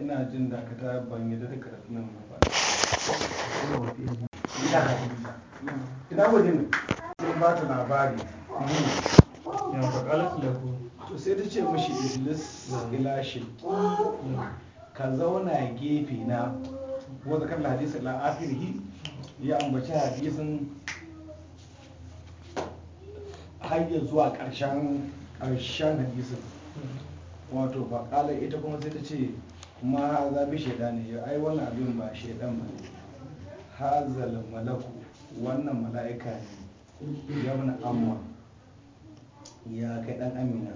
ina jin dakata ban yadda da karatu nan ba ina hadisa ina waje ne sai ba ta labari ya faƙalat lahu to sai ta ce mashi iblis ila ka zauna gefe na wanda kan hadisa la afirhi ya ambaci hadisin hanyar zuwa ƙarshen hadisin wato bakala ita kuma sai ta ce ma haza bi ne ya ai wannan abin ba shaidan ba ne hazal malaku wannan mala'ika ne ya mana amma ya kai dan amina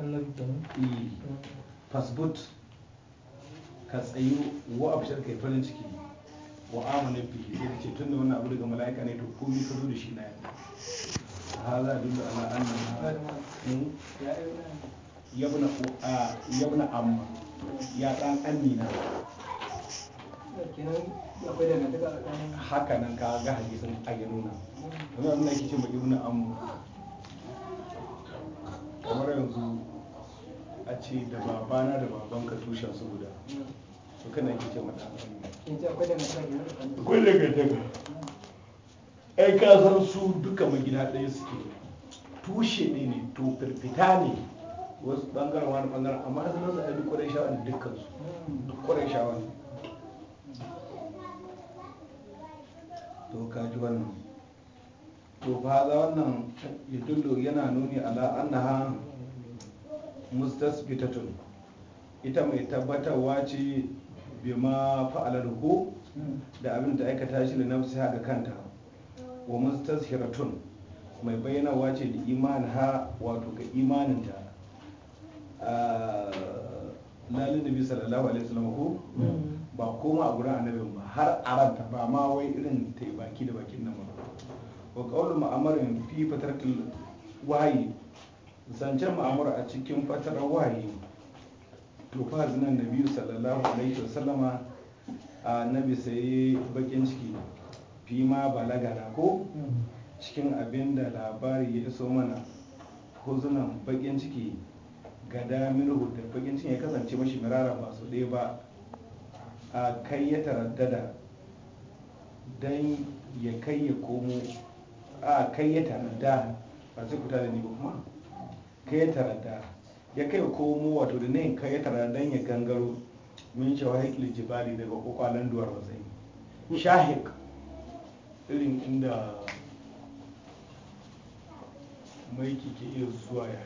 eh, fasbut ka tsayu wa abshar kai farin ciki wa amana bi sai ta ce tun da wannan abu daga mala'ika ne to komai ka zo da shi na yadda haza bi da ala hmm? annan yabna yabna amma ya dan amina haka nan ka ga hadisin a ya nuna kuma abin da yake ce ma ibnu amma kamar yanzu a ce da babana da babanka tushen su guda to kana yake ce mata akwai daga daga ai ka san su duka magida ɗaya suke tushe ne to firfita ne wasu bangaren wani bangaren amma asalin su ai duk kwarai shawa ne dukkan su duk kwarai shawa to ka ji wannan to fa za wannan yadullu yana nuni ala annaha mustasbitatun ita mai tabbatarwa ce bima fa'alar hu da abin da aikata shi da nafsi ga kanta wa mustashiratun mai bayyana ce da imanin ha wato ga imaninta lalin ah, nabi sallallahu alaihi wasallam ko mm. ba koma a gurin annabin ba har aranta ba ma wai irin ta baki da bakin nan ba wa qawlu ma'amarin fi fatarkil wahayi zancen ma'amur a cikin fatarar wahayi to fa zinan nabi sallallahu alaihi wasallama annabi sai bakin ciki fi ma balaga na ko mm. cikin abin da labari ya iso mana ko zunan bakin ciki gada minhu da fagen cin ya kasance mashi mirara ba su ɗaya ba a kai ya taraddada don ya kai ya komo a kai ya taradda ba sai kuta da ni ba kuma kai ya taradda ya kai ya komo wato da nayin kai ya taradda don ya gangaro min shawahik jibali daga kwakwalan duwar wasai shahik irin inda maiki ke iya zuwa ya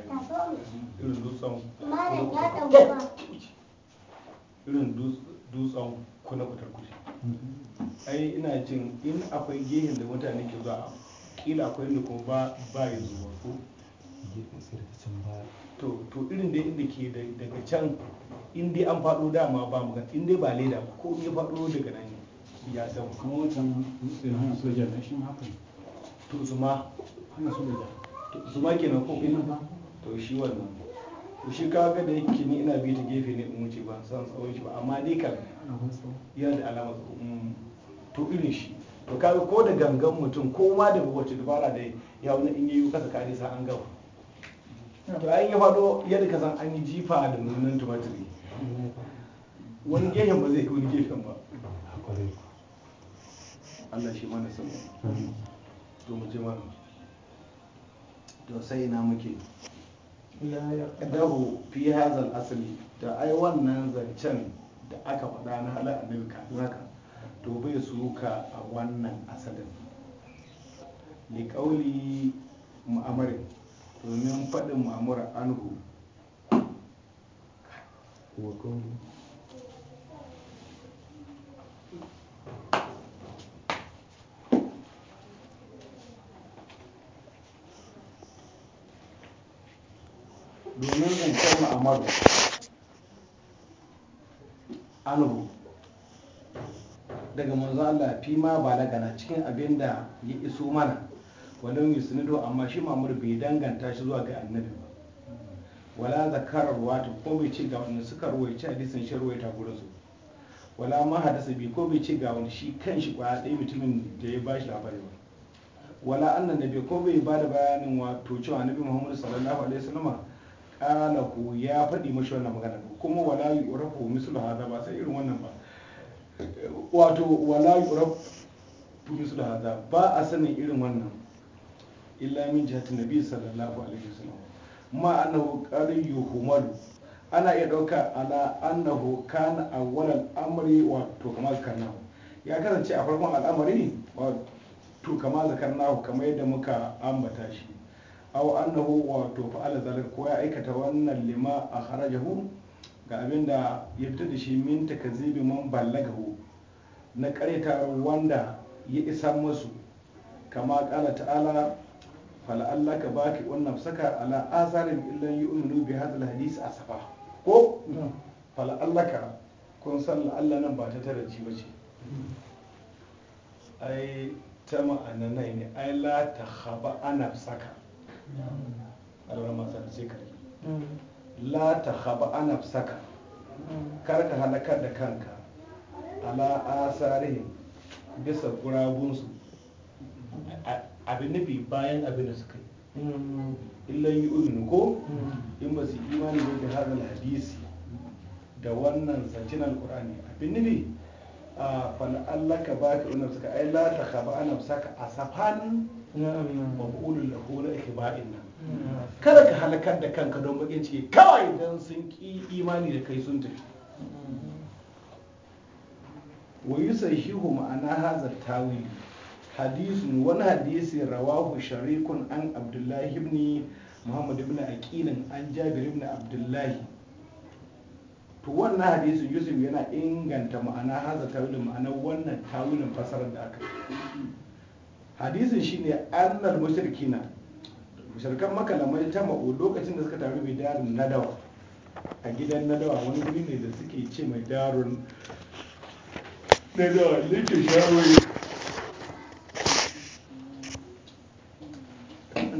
irin dutsen irin dutsen kuna kutar kuce ai ina jin in akwai gehen da mutane ke zuwa kila akwai inda kuma ba ya zuwa ko to to irin da inda ke daga can in dai an faɗo dama ba mu in dai ba leda ba ko ya faɗo daga nan ya samu kuma wancan hana soja na shi haka to su ma hana soja Zuma ma kenan ko ina to shi wannan to shi kaga da yake ni ina bi ta gefe ne in wuce ba san tsawon shi ba amma dai kan yana da alama mm. to irin shi to kaga ko da gangan mutum ko ma da wace dubara da ya wani in yi kasa kare sa an gaba to ai yi faɗo yadda ka san an yi jifa da nunan tumatiri wani gefen ba zai kai wani gefen ba Allah shi mana sanya to mu je mana to sai muke la yaqdahu fi hadha asali da ai wannan zancen da aka faɗa na hala anilka zaka to bai suka a wannan asalin kauli mu'amarin domin faɗin mu'amura anhu domin in a Muhammadu anubu daga manzo Allah fi ma balagana cikin abin da ya iso mana wani yi yusnidu amma shi Muhammadu bai danganta shi zuwa ga annabi ba wala zakarar wata ko bai ce ga wanda suka ruwaice hadisin shi ruwaita gurin su wala ma hadasa bi ko bai ce ga wani shi kanshi kwaya ɗaya mutumin da ya bashi labari ba wala annan bai ko bai bada bayanin wato cewa nabi Muhammadu sallallahu alaihi wasallama qalahu ya faɗi mashi wannan magana kuma wala yu'rafu mislu hadha ba sai irin wannan ba wato wala yu'rafu mislu hadha ba a sanin irin wannan illa min jihati nabi sallallahu alaihi wasallam ma annahu qad yuhmalu ana iya ɗauka ala annahu kana awwalal amri wato kamar karnahu ya kasance a farkon al'amari wato kamar zakarnahu kamar yadda muka ambata shi aw annahu wato fa'ala zalika ko ya aikata wannan lima a kharajahu ga abin da ya fita da shi min takazibi man ballagahu na kareta wanda ya isa masu kama kala ta'ala fala'allaka baki wannan saka ala azarin illan yu'minu bi hadal hadis asafa ko fala'allaka kun san la'alla nan ba ta taraji ba ce ai ta ma'ana ne ai la ta khaba ana saka alwala masa sai ka la ta haba ana saka mm. kar ka halakar da kanka ala asarihim bisa gurabunsu abin nufi bayan abin da suka yi mm. illan yi uzun ko mm. in ba su imani da ke hadal hadisi da wannan zancen alkur'ani abin nufi a fal'allaka ba ka unar suka ai la ta haba ana saka a ba ku ba'in nan kada ka halakar da kanka don bakin ciki kawai don sun ki imani da kai sun tafi wa yusayhihu ma'ana hazar tawili hadisun wani hadisi rawahu sharikun an abdullahi ibn muhammad ibn aqilin an jabir ibn abdullahi to wannan hadisin yusuf yana inganta ma'ana hazar tawilin ma'ana wannan tawilin fasarar da aka hadisin shine annal mushrikina mushrikan makalamai lamar jama'u lokacin da suka taru mai darin nadawa a gidan nadawa wani guri ne da suke ce mai darin nadawa da ke shawarwari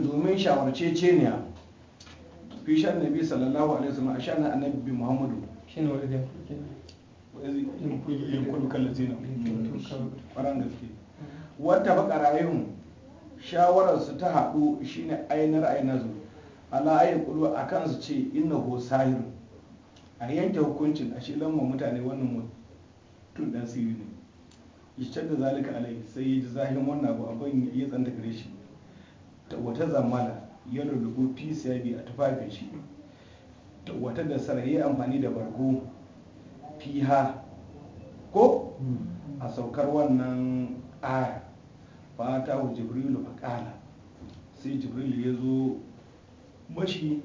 domin shawarce ce ne a fi shan bi sallallahu alaihi wasallam a shan annabi muhammadu shine wani da in kulli kallazina ƙwaran gaske wata bakarayun Shawarar su ta haɗu shine ainar ainazu ala ayi kulu a kan su ce inna ho sahiru. a yanke hukuncin a shilan wa mutane wannan mutum dan siri ne ishtar da zalika alai sai ya ji zahirin wannan abu abin ya tsanta gare shi wata zammala ya lullubu fi a tufafin shi wata da sarai amfani da bargo fiha ko hmm. a saukar wannan aya fata wa jibrilu faƙala sai jibrilu ya zo mashi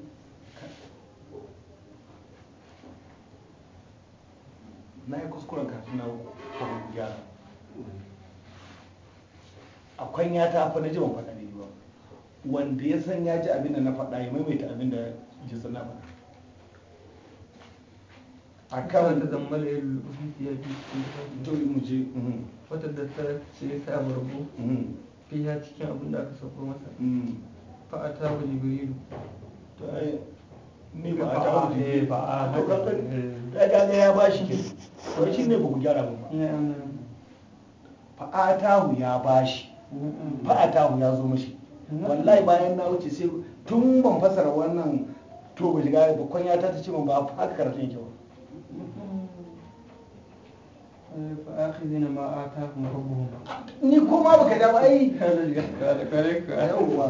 na yi kuskuren kafin na kwanan gyara a kwanya ta fa na ji ban faɗa ne ba wanda ya san ya ji abin da na faɗa ya maimaita abin da ji sun na faɗa a kan da zammala ya lukusun ya bi to mu je mhm. wata da ta ce ta mm. bargo cikin abin da aka sauko mm. ta ai ni ba ta ta eh, ta eh. ba shi eh, ta ya shi mm, zo mashi wallahi bayan na wuce sai tun ban fasara wannan to ba shiga bakon ya ta ta ce ma ba haka karatun yake ba fa'akhidina ma ni ko baka da ai yawa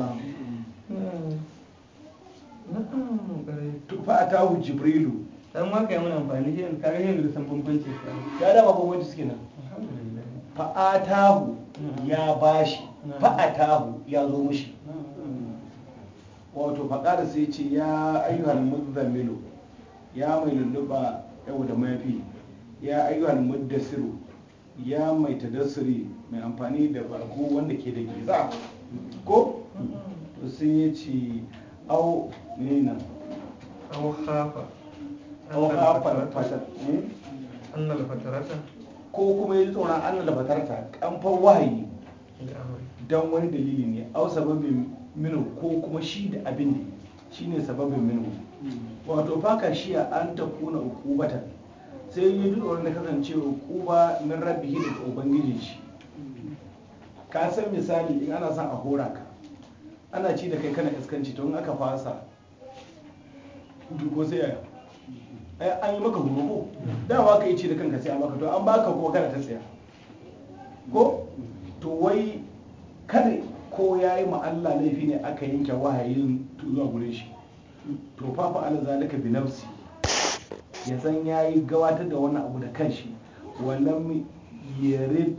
to dan ma kai mun amfani shi ka ga san ya da suke nan ya bashi fa ya zo mushi wato faƙara sai ce ya ayyuhal muzzamilu ya mai lulluba yau da mafi ya ayyuhal muddasiru ya mai tadassiri mai amfani da barku wanda ke da giza ko to sai ya ci au ne nan au hafa au hafa fatar eh? annal fatarata ko kuma ya ji tsoron annal fatarata kamfan wahayi don wani dalili ne au sababin mino ko kuma shi da abin ne shine sababin mino hmm. wato faka shi an ta kuna ukubatan sai yi ji tsoron da kasance uquba min rabbihi daga ubangijin shi ka san misali in ana son a hora ka ana ci da kai kana iskanci to in aka fasa duk sai yaya an yi maka horo dama ka yi ci da kanka sai a maka to an baka ko kana ta tsaya ko to wai kada ko ya yi Allah laifi ne aka yanke wahayin zuwa gurin shi to fafa ala zalika bi nafsi ya san ya yi gabatar da wani abu da kanshi wannan yare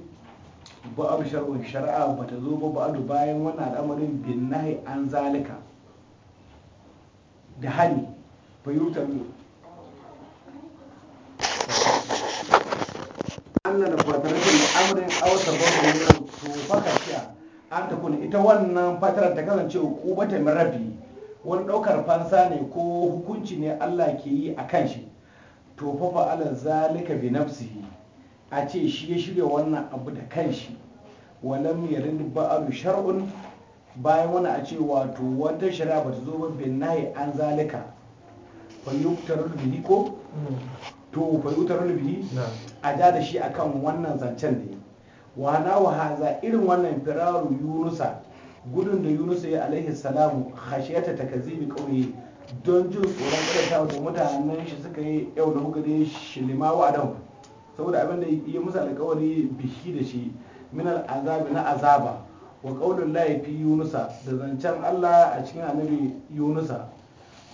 ba a shar'un shari'a ba ta zo ba ba'adu bayan wannan al'amarin bin nahi an zalika da hani ne an na da fataratin amurin awata babu ne to baka kiya an ta kuna ita wannan fatarar ta kasance hukubatar rabi wani ɗaukar fansa ne ko hukunci ne Allah ke yi a kan shi to fa ala zalika bi nafsihi a ce shi ya shirya wannan abu da kanshi walam yarin abu shar'un bayan wani a ce wato wata shari'a ba ta zo ba bin nahi an zalika fayyuktarul bihi ko hmm. to fayyuktarul bihi a ja da shi akan wannan zancen ne wana wa haza irin wannan firaru yunusa gudun da yunusa ya alaihi salamu khashiyata takzibi ƙauye? don jin tsoron kada wasu mutanen shi suka yi yau da muka dai shilima wa adam saboda abin da ya musu alkawari bishi da shi min azabi na azaba wa qaulul laifi yunusa da zancen Allah a cikin annabi yunusa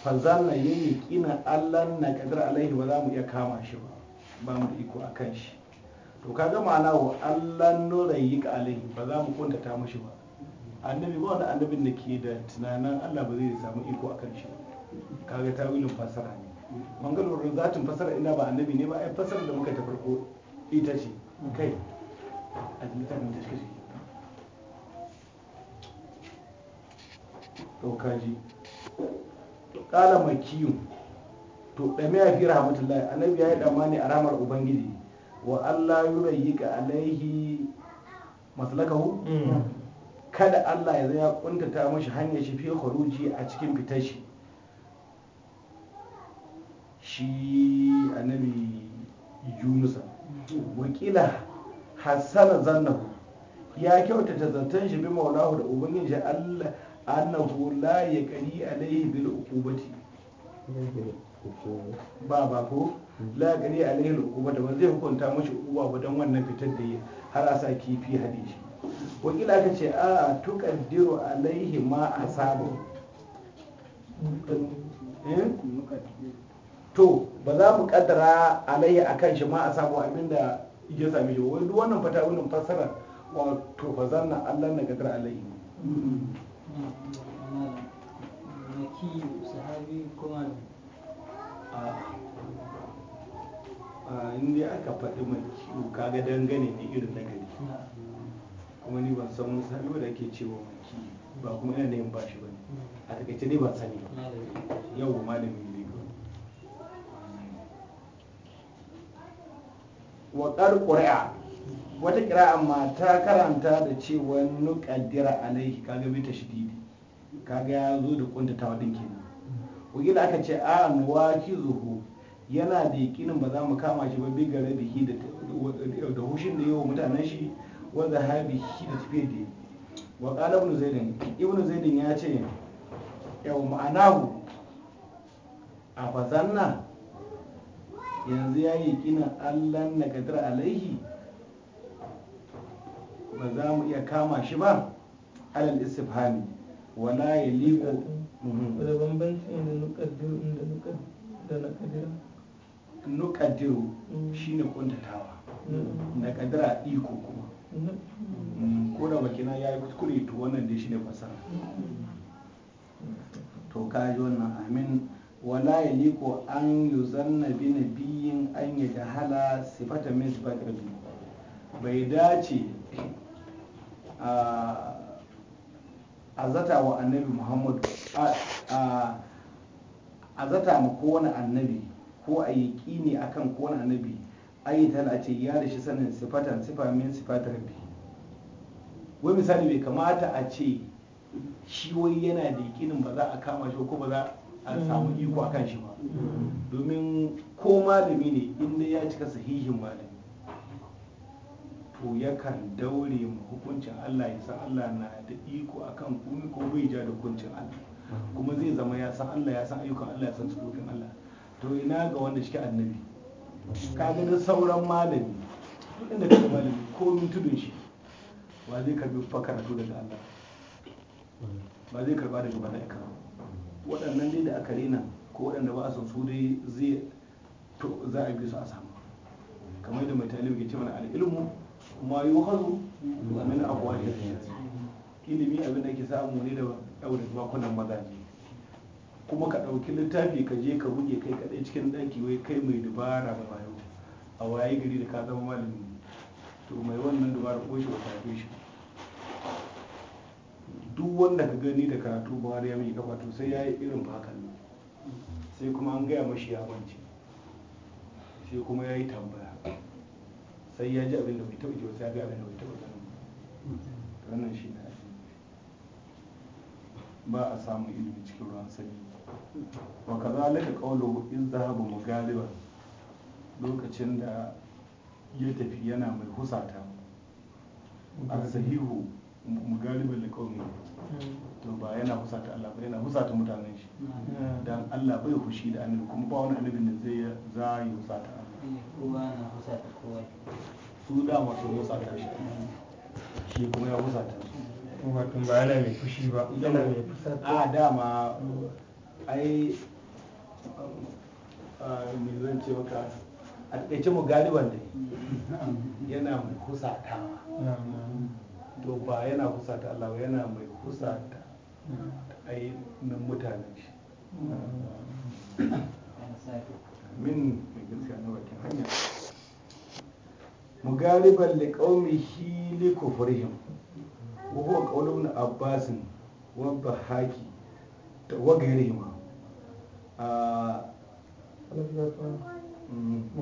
fa zanna yayi kina Allah na kadar alaihi ba za mu iya kama shi ba ba mu iko akan shi to kaga ma'ana wa Allah nura yi alaihi ba za mu ta mushi ba annabi ba wanda annabin da ke da tunanin Allah ba zai samu iko akan shi ba kaga tawilin fasara ne bangalore zatin fasara ina ba annabi ne ba ai fasara da muka ta farko ita ce kai a mutanen da shi to kaji kala makiyu to dame ya fi rahmatullahi annabi ya yi damani a ramar ubangiji wa Allah yurayyika alaihi maslakahu mm. kada Allah ya zai ya kuntata mashi hanyar shi fi khuruji a cikin fitashi shi shi annabi yunusa wakila hassana zannahu ya kyautata zaton shi bi maulahu da ubangin shi allah annahu la ya kari alaihi bil ukubati ba ba ko la kari alaihi bil ukubati ba zai hukunta mashi uwa ba don wannan fitar da yi har a sa kifi hadi shi wakila ka ce a tuqaddiru alaihi ma asabu eh to ba za mu kaddara a kan shi ma a samu abin da ya sami shi wani wannan fata wannan fassara wato fa zanna Allah na kadar alayhi maki sahabi kuma a inda aka faɗi maki kaga dangane ne irin gari kuma ni ban san wani sahabi da ake cewa makiyu. ba kuma ina neman bashi ba ne a takaice ne ban sani yau malami wa Ƙuri'a, wata ƙira'a ma ta karanta da cewa nuƙaddira laiki kaga bi ta shididi kaga ya zo da ta ɗin kenan wakila aka ce a ki zuhu yana da yakinin ba za mu kama shi ba bi gare bihi da hushin da yawa mutanen shi wanda habihi da tafiyar da wa ƙala ibnu zaidin ibnu zaidan ya ce yau ma'anahu a fazanna yanzu ya yi kina allan na katar alaihi ba za mu iya kama shi ba alal istifhami wala ya liko da bambanci da nukaddiru da nakadira nukaddiru mm. shi ne kuntatawa mm. na kadira iko kuma mm. ko da bakina ya yi kuskure to wannan dai shi ne fasara to kaji wannan amin wala ya liko an yi zanna bi na biyin an yi jahala sifata min sifata rabi bai dace a zata wa annabi muhammad a zata ma kowane annabi ko a yi kini akan kowane annabi yi tana ce ya da shi sanin sifatan sifa min sifata rabi wai misali bai kamata a ce shi wai yana da yakinin ba za a kama shi ko ba za Mm. a samu iko akan shi ba mm. domin ko malami ne inda ya cika sahihin malami to yakan daure ma hukuncin Allah ya san Allah na da iko akan komai ko bai ja da hukuncin Allah mm. kuma zai zama ya san Allah ya san ayyukan Allah ya san tsokokin Allah to ina ga wanda shi annabi ka ga da sauran malami inda ka malami komin tudun shi ba zai karbi fa karatu daga Allah ba zai karba daga mala'ika ba waɗannan dai da aka rena ko waɗanda ba a san su dai zai to za a bi su a samu kamar da mai talibu ke ce mana al'ilmu ma yi wahazu wa min abuwa da ilimi abin da ke samu ne da ɗaurin bakunan maza ne kuma ka ɗauki littafi ka je ka buge kai kaɗai cikin ɗaki wai kai mai dubara ba wayo a waye gari da ka zama malami to mai wannan dubara ko shi wa shi duk wanda ka gani da karatu buhari ya mai kafa sai ya yi irin hakan nan sai kuma an gaya mashi ya wance sai kuma ya yi tambaya sai ya ji abin da bai taɓa ji sai ya gaya abin da bai taɓa ganin ba wannan shi ne ba a samun ilimi cikin ruwan sanyi wa kazalika ƙaunar in zahaba galiba lokacin da ya tafi yana mai husata a sahihu mu galibin likaunin to ba yana husata Allah ba yana husata mutanen shi dan Allah bai hushi da annabi kuma ba wani annabin da zai za yi husata eh, su da masu husata shi shi kuma ya husata su wato ba a dama ai me ce maka a ɗaice mu galiban yana mai to ba yana husata Allah yana mai husata ainihin mutanen shi min gaskiya na hanya da mugariban liƙaumihi li kufrihim wa huwa qawlu ibn abbas wa bahaki wa ghayrihima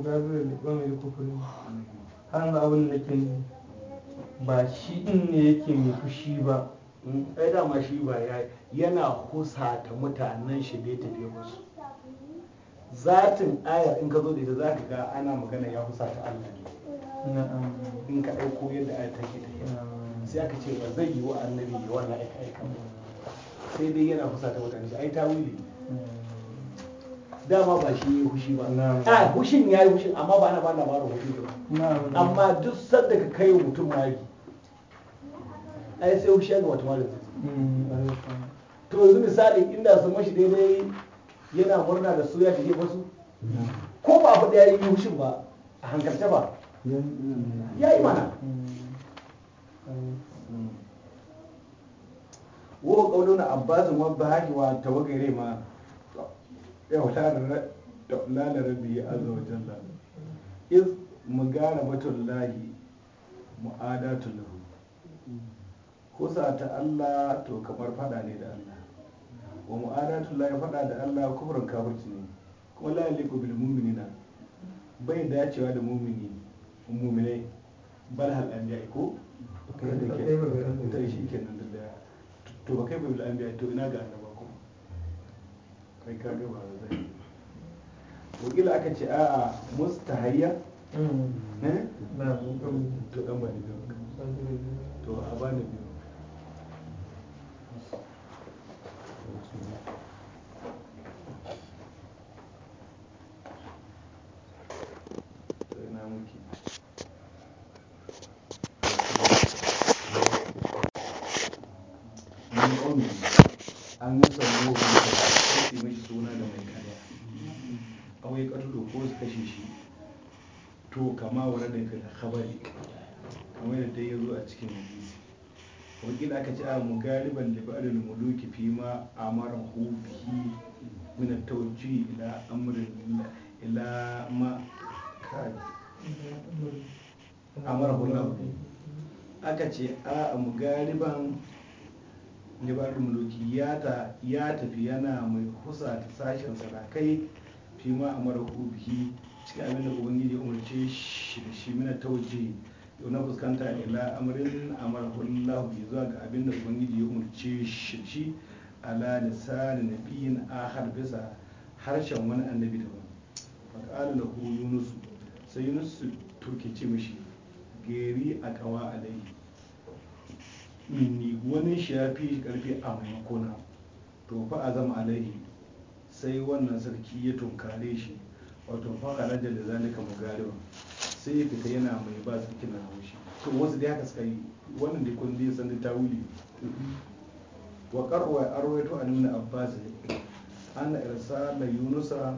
da liƙaumihi li kufrihim har abin da ke ba shi din ne yake mai fushi ba mm, ai dama shi ba ya yana husata mutanen shi da tafi musu zatin ayar in ka zo da ita za ka ga ana magana ya husata Allah ne in ka ɗauko yadda ayar take tafiya sai aka ce ba zai yi wa annabi ya wannan aika aika sai dai yana husata mutanen shi ai tawili dama ba shi yi hushi ba a hushin ya yi hushin ah, amma ba na ba labarin hushin ba amma duk sadda ka kai mutum mari ai sai wuce ga wata malami to yanzu misali inda su mashi daidai yana murna da su ya tafi wasu ko ba abu da ya yi hushin ba a hankalce ba ya yi mana wo kawo na abbasin wabba haki wa tawagare ma yau ta lana rabbi azza wa jalla iz batun lahi mu'adatul lahu kusa ta Allah to kamar fada ne da Allah wa mu'adatu la fada da Allah kufrun kafirci ne kuma la yaliku bil mu'minina bai dacewa da mu'mini mu'minai bal hal anbiya ko kai da ke ta shi kenan da to ba kai bil anbiya to ina ga annaba kuma kai ka ga ba zai wakila aka ce a a mustahayya ne mm. eh? na to dan ba ni to a bani biyu khabari kamar yadda ya zo a cikin hadisi wakil aka ce a mu galiban da ba'adul muluki fi ma amara hu bihi min at-tawji ila amrin ila ma kad amara hu aka ce a mu galiban da ba'adul muluki ya ta ya tafi yana mai husa ta sashen sarakai fi ma amara hu bihi cikin abin da ubangiji ya umarce shi da shi mina tawajji yau na fuskanta ila amrin amarahullahu ya zuwa ga abin da ubangiji ya umarce shi da shi ala na biyin a bisa harshen wani annabi daban faqala lahu Yunusu, sai yunus turke ce mishi Geri a kawa wani shi ya fi karfi a maimakona to fa a zama alaihi sai wannan sarki ya tunkare shi wato faka rajar da zalika gariwa. sai ya fita yana mai ba su kina haushi to wasu dai haka suka yi wannan da kun zai sanda ta wuli wa karwa arwaito an nuna abbas an irsa na yunusa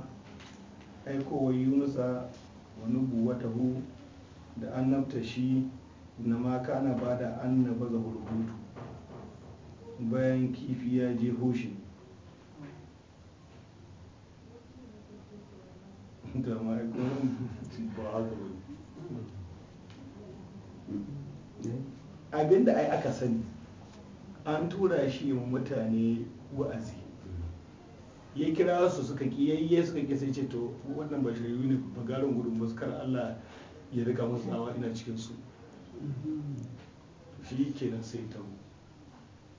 aikowa yunusa wani hu da an nafta shi na maka ana ba da an na baza hulhutu bayan kifi ya je hoshin da abinda ai aka sani an tura shi mutane wa'azi ya kira su suka kiyayye suka ƙi sai ce to wannan ba ne bagarin gudun muskar Allah ya rika musu awa ina cikinsu, shi kenan sai ta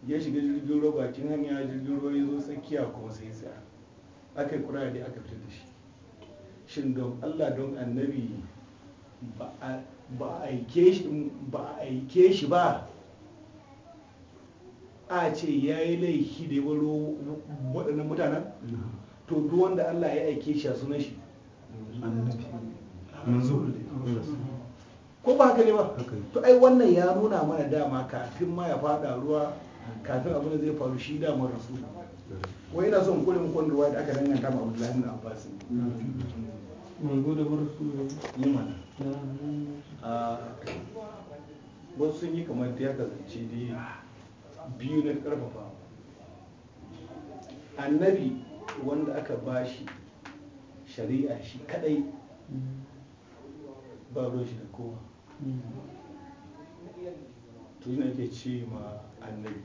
ya shiga jirgin ruwa bakin hanya jirgin roba ya zo tsakiya kuma sai tsaya aka yi kura da aka fitar da shi shin don allah don annabi ba a aike shi ba a ce ya yi laifi da ya waɗannan mutanen to duk wanda allah ya aike shi a sunan shi ko ba haka ne ba to ai wannan ya nuna mana dama kafin ma ya fada ruwa kafin abin da zai faru shi damar rasu wai ina son kuɗin muku ruwa da aka danganta ma abdullahi lahimin abbas wasu sun yi kamar ta ya kasance da biyu na karfafa annabi wanda aka bashi shari'a shi kadai mm. ba shi da kowa mm. to yana ke ce ma annabi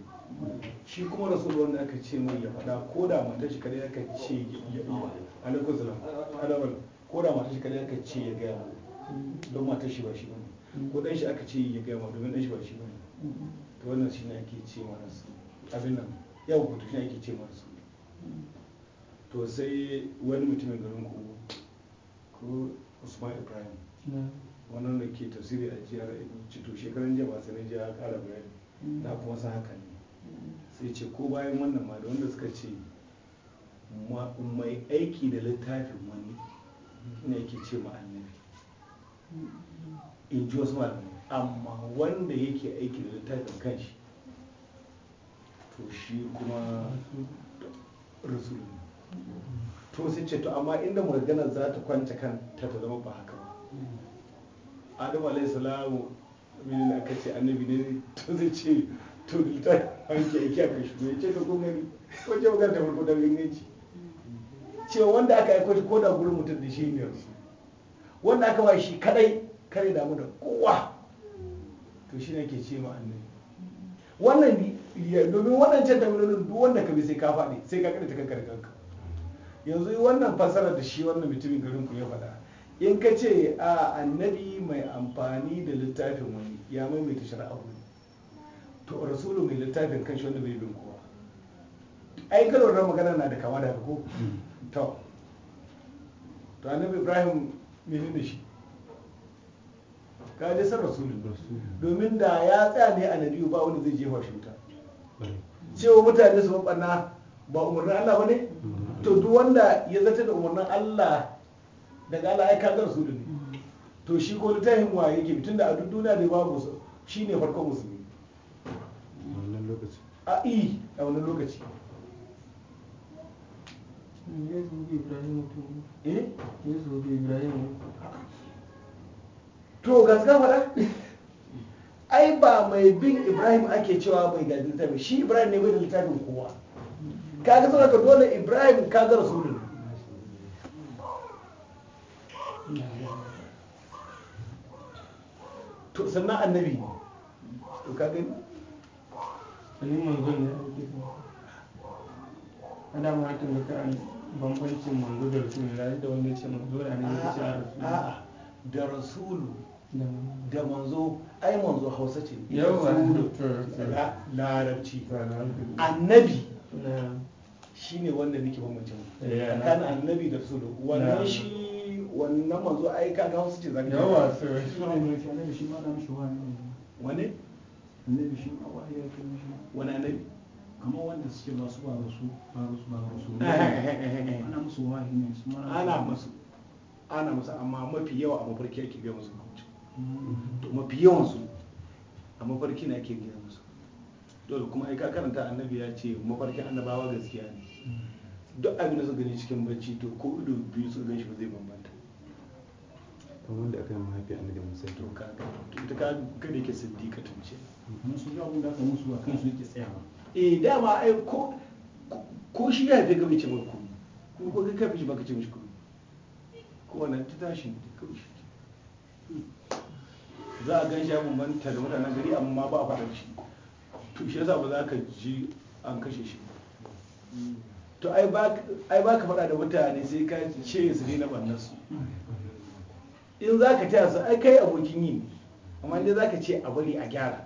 shi kuma rasul wanda aka ce mai ya faɗa ko da mata shi kadai aka ce ya iya alaikun salam alawal ko da mata shi kadai aka ce ya gaya don mata shi ba shi ba ne ko ɗan shi aka ce ya gaya ma domin ɗan shi ba shi ne to wannan ne ake ce mana su abin nan yau ku shi ne ake ce mana su to sai wani mutumin garin ku ko Usman Ibrahim wannan da ke tafsiri a jiyar Cito shekaran jiya ba sai na ji ya kara bayani na kuma sa haka ne sai ce ko bayan wannan ma da wanda suka ce mai aiki da littafin wani ne yake ce ma'annabi annabi in ji wasu malamai amma wanda yake aiki da littafin kanshi to shi kuma rasul to sai ce to amma inda maganar za ta kwanta kan ta ta zama ba haka ba adam alaihi salamu min aka ce annabi ne to zai ce to ta hanke yake a kai shigo ya ce ka kun gani ce magana da farko don ganganci cewa wanda aka aiko shi ko da gurin mutum da shi ne wanda aka ba shi kadai kare damu da kowa to shi ne ke ce ma annabi wannan domin da tambayoyin duk wanda ka bi sai ka faɗi sai ka kada ta kankar kanka yanzu wannan fasara da shi wannan mutumin garin ku ya faɗa in ka ce a annabi mai amfani da littafin wani ya maimaita shari'a to rasulu mai littafin kan shi wanda bai bin kowa ai ka da magana na da kama da ko to to annabi ibrahim nuna shi ka je san rasulun domin da ya tsaya ne a nabiyu ba wanda zai jefa shi wuta cewa mutane su maɓanna ba umarnin Allah ba ne to duk wanda ya zata da umarnin Allah daga Allah ai kaga rasulun ne to shi ko littafin wa yake tunda a duk duniya ne babu shi ne farkon musulmi lokaci a i a wani lokaci eh? to gaska fara ai ba mai bin ibrahim ake cewa mai gaji littafi shi ibrahim ne bai da littafin kowa kaga suna ka dole ibrahim kaga rasulun to sannan annabi to ka gani domin manzon ne ake a dama hakan da an bambancin manzo da rasulu ya da wanda ce manzo da ne ya ce a da rasulu da manzo ai manzo hausa ce da, larabci annabi Shi ne wanda nake bambance eh, kan annabi da rasulu wannan shi wannan manzo ai ga hausa ce zaka yawa sai shi ma shi wani annabi a ya kira shi wani annabi kamar wanda suke ba su ba rasu ba rasu ba rasu ana musu ne su mara ana musu ana musu amma mafi yawa a mafarki ake biya musu hmm. to mafi yawan su a mafarki na ake biya musu dole kuma ai ka karanta annabi ya ce mafarkin annabawa gaskiya ne hmm. duk abin da suka gani cikin bacci to ko ido biyu suka gan shi ba zai bambanta kamar wanda aka yi mahaifi annabi musa to ka ita ka ga da yake kuma sun ji abin da aka musu a kan su yake tsayawa eh dama ai ko ko shi ya fi gabi ce maka kuɗi ko kai ka fi shi baka ce mishi kuɗi ko wannan ta tashi da kawai shi za a gan shi ya bambanta da mutanen gari amma ba a faɗa shi to shi yasa ba za ka ji an kashe shi to ai ba ka faɗa da mutane sai ka ce su ne na ɓannar su in za ka taya su ai kai abokin yi amma inda za ka ce a bari a gyara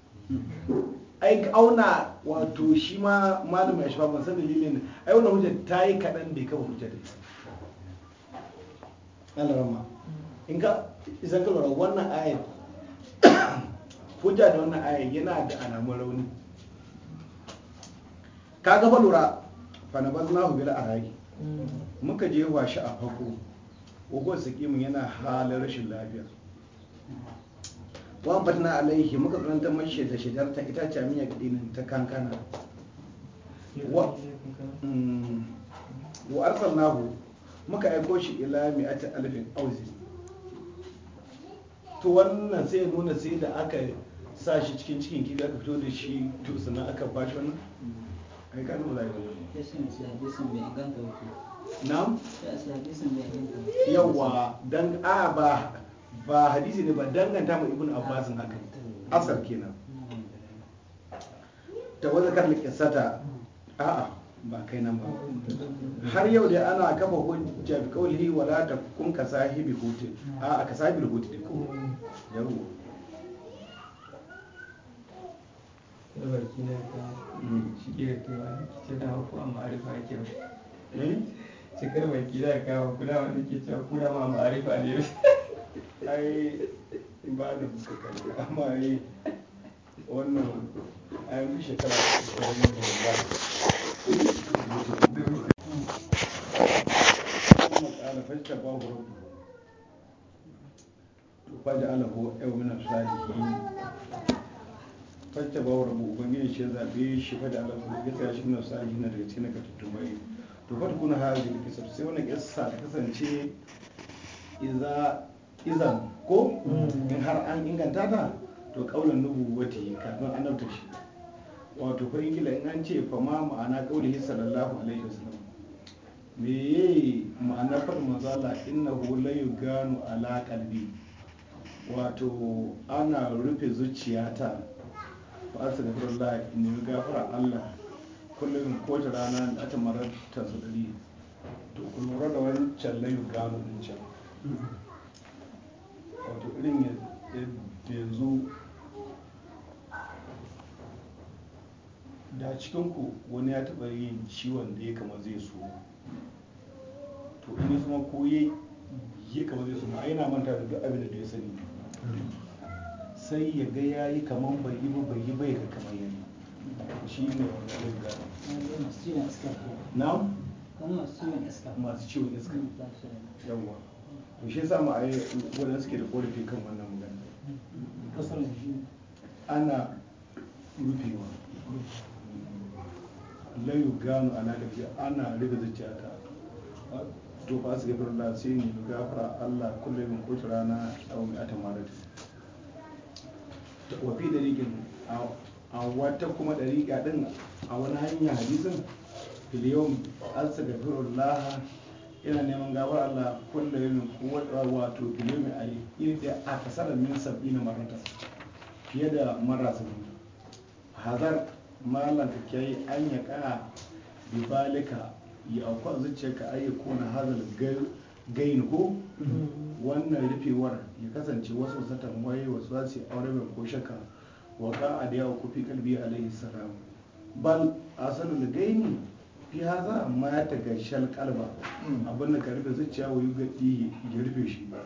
ai auna wato shi ma malam ya shafa ban san dalilin ai wannan hujjar ta yi kaɗan bai kafa hujjar da Allah rama in ka isan ka lura wannan ayat hujja da wannan ayat yana da alamun rauni ka ga lura fa na bazna hu bil muka je washi a fako ugo sikimin yana halin rashin lafiya wa batna alaihi muka karanta mashi da ta ita ce miya gadinin ta kankana wa mm, nahu muka aiko shi ila ata alfin auzi to wannan sai nuna sai da aka sa shi cikin cikin kiga aka fito da shi to sannan aka ba shi wannan ai kan mu lafiya na'am yawa dan a ba ba hadisi ne ba danganta ma ibn abbas haka asar kenan ta wanda karni kisata a'a ba kai nan ba har yau da ana kafa hujja bi qawlihi wala takun ka sahibi hutin a'a ka sahibi hutin ko yawo barki na ta shi ke kewa ce da hafu a ma'arifa ke eh? cikar mai kira kawo kula wanda ke cewa kula ma ma'arifa ne ai ba da muka kai amma wannan ai mu shekara da wannan ba فاجتباه ربه فجعله من الصالحين فاجتباه ربه ubangiji shi zabe shi fada Allah ya tsaya shi na daga cikin katattumai to fa kuna hadi kisar sai ta kasance iza izan ko mm. in har an inganta ta to kaulan yi kafin dauta shi wato kuma ingila in an ce fa ma ma'ana kaulihi sallallahu alaihi wasallam me yayi ma'ana far mazala Allah innahu la yuganu ala qalbi wato ana rufe zuciyata ba a su gafara Allah in gafara Allah kullum ta rana da ta marar ta su to kun lura da wancan gano din can mm-hmm. wato irin yanzu da cikinku wani ya taɓa yin ciwon da ya kama zai so to ina kuma koyi ya kama zai ma yana manta da duk abin da ya sani sai ya ga ya yi kaman bai yi ba bai yi bai ga kamar yayi shi ne wani na masu ciwon iska yawwa to shi yasa mu ayi wanda suke da ƙorafi kan wannan magana ana rufewa layu gano alaƙafi ana riga zuciya ta to ba su gafi rana sai ne gafara allah kullum min kotu rana a wani ata Ta wafi da rigin a wata kuma ɗariƙa din a wani hanya hadisin filiyon alsa rana ina neman gawar Allah kulla yamin wato kilo mai ari da a kasarar min sabbi na marata fiye da mara sabbi hazar malam ka kai an ya ka bibalika ya auka zuciyarka ayyuka na hazal gain ko wannan rufewar ya kasance wasu wasu tambaye wasu zasu aure mai ko shaka waka a da yawa kufi kalbi alaihi salam bal asalul gaini Ya haza amma ya ga kalba abin da ka rufe zuciya wa yi ɗiye ya rufe shi ba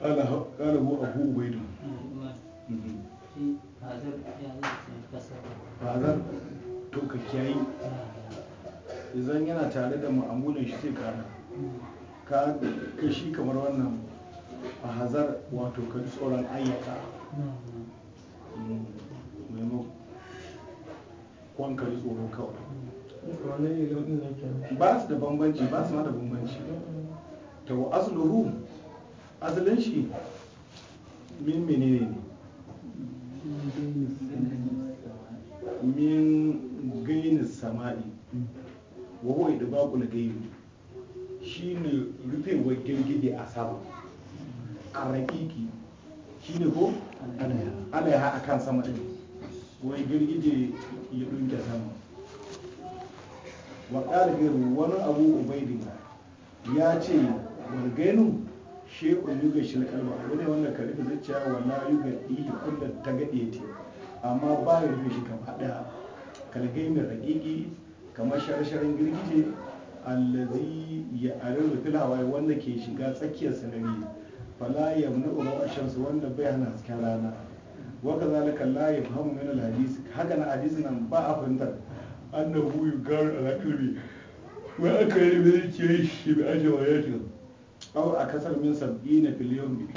kala hu abu ubaidu bazar to ka kiyayi idan yana tare da ma'amunan shi sai kara ka kashi kamar wannan a hazar wato ka tsoron ayyaka maimakon ka tsoron kawai ba su da bambanci ba su ma da bambanci ta wa asluhu asalin shi min menene ne min gaini sama'i wa huwa idbaqul gaini shine rufewar girgije a sama a raƙiƙi shine ko alaiha kan sama ɗin wai girgije ya dunke sama wa ɗalibin wani abu ubaidin ya ce walgainu shekun yuga kalma. abu ne wanda ka rufe zuciya na yuga ɗihi kullum ta gaɗe te amma ba ya rufe shi kama ɗaya kalgai mai raƙiƙi kamar sharsharin girgije allazi ya arin filawa wanda ke shiga tsakiyar sanari fala ya muna a shansu wanda bai hana hasken rana waka zalika la ya fahimu min hadisi haka na hadisi nan ba a fahimtar annahu yugaru ala kalbi wa aka yi mai ke shi bi aje wa yake aw a kasar min na fil yawm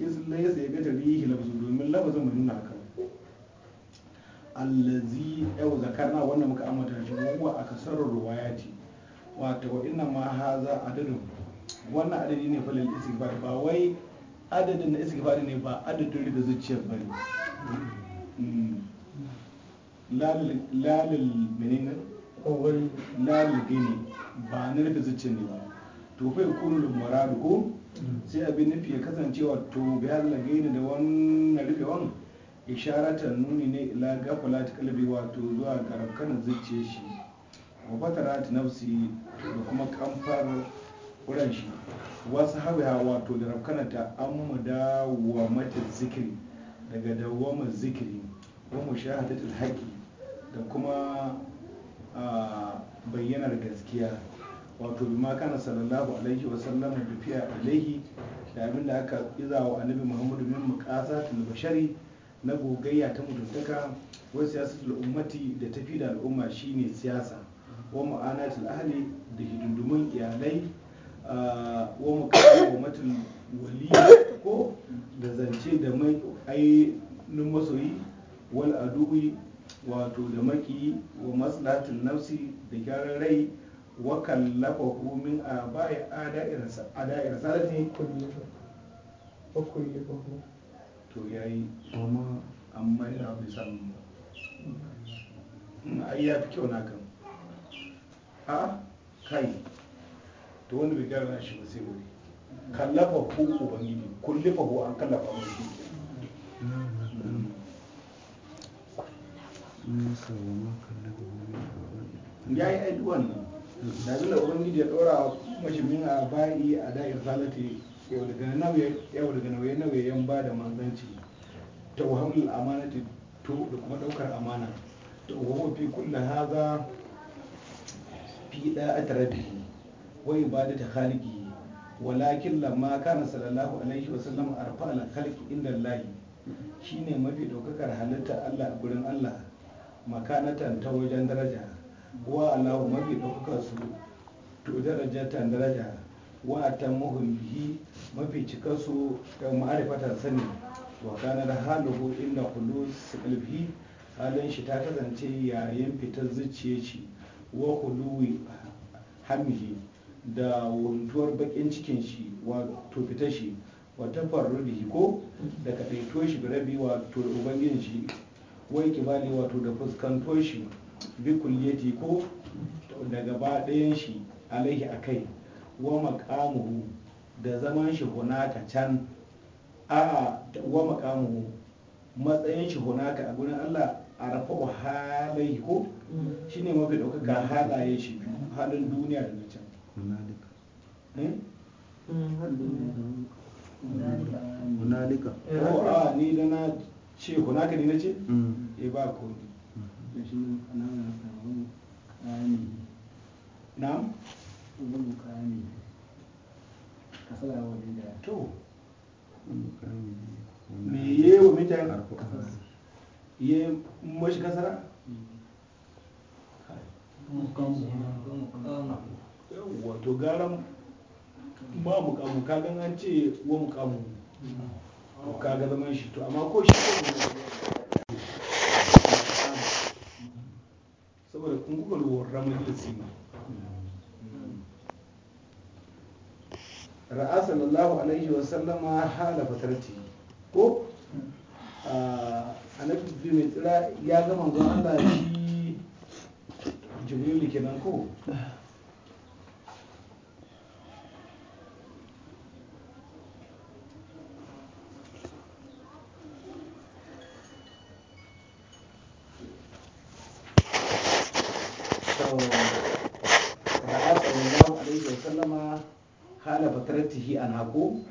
iz laysa yi tarihi lafzu domin lafazin mun nuna haka allazi yau zakarna wannan muka ambata shi huwa a kasar ruwayati wato wa inna ma haza adadin wannan adadi ne falil istighfar ba wai adadin na istighfar ne ba adadin da zuciyar bane lalil menene kowai lalil gini ba na rufe zuciya ne ba to fai kullum muradu ko sai abin nufi ya kasancewa to ga yalla gini da wannan wani isharatan nuni ne ila gafalat kalbi wato zuwa ga rafkanin zuciya shi wa ta nafsi da kuma kamfar wurin shi wasu hawa wato da ta amma da wa mata zikiri daga dawamar zikiri wa mushahadatul haƙi da kuma bayyanar gaskiya wato ma kana sallallahu alaihi wa sallam da fiya alaihi da abin da aka iza wa annabi muhammadu min muqasatul bashari na gogayya ta mutuntaka wa siyasatul ummati da tafi da al'umma shine siyasa wa ma'anatul ahli da hidindumin iyalai wa matul wali ko da zance da mai nun masoyi wal adubi wato da maki wa maslatin nafsi da gyaran rai wa kallafa min a baya ada'ir salati to yayi amma amma yana fi samun ba hmm, ai ya fi kyau na kan a kai to wani bai gyara shi ba sai wuri kallafa ko ubangiji kullifa ko an kallafa mai shi ya yi aiki wannan da abin da ubangiji ya ɗora mashimin a bayi a da'ir salati yau daga nauye nauye yan ba da manzanci ta wahamul amanati to da kuma ɗaukar amana ta wahamul fi kulla haza fi da atarabi wa ibadata khaliki walakin lamma kana sallallahu alaihi wa sallam arfa al khalqi inda Allah shine mafi daukakar halitta Allah a gurin Allah makanatan ta wajen daraja wa Allahu mafi ɗaukar su to darajatan daraja wa ta muhimmi mafi cikar su ta ma'arifatar sani wa kanar haluhu inda hulus kalbi halin shi ta kasance yayin fitar zuciya shi wa huluwi hamihi da wuntuwar bakin cikin shi wato fitar shi wa farrudihi ko da kaɗaito shi birabi wato ubangin shi wai kibali wato da fuskanto shi bi kulliyati ko da gaba ɗayan shi alaihi akai wa maqamuhu da zaman shi hunaka can a wa maqamuhu matsayin shi hunaka a gurin Allah a rafa halai ko shine mafi ɗaukaka halaye shi halin duniya da na can hunalika eh? hmm, ko a ni da na ce ko naka ne na ce mm. eh ba ko mm. ne shi ne ana samu kani na ubu kani kasala wani da to me ye wa mutane ye mashi kasara wato gara ma mukamu kagan an ce wa mukamu mm. ka ga zaman shi to amma ko shi saboda kun kuka lura majalisi ne ra'a sallallahu alaihi wa sallama hala fatarci ko annabi bi mai tsira ya gama manzon Allah shi jibrilu kenan ko Rabu,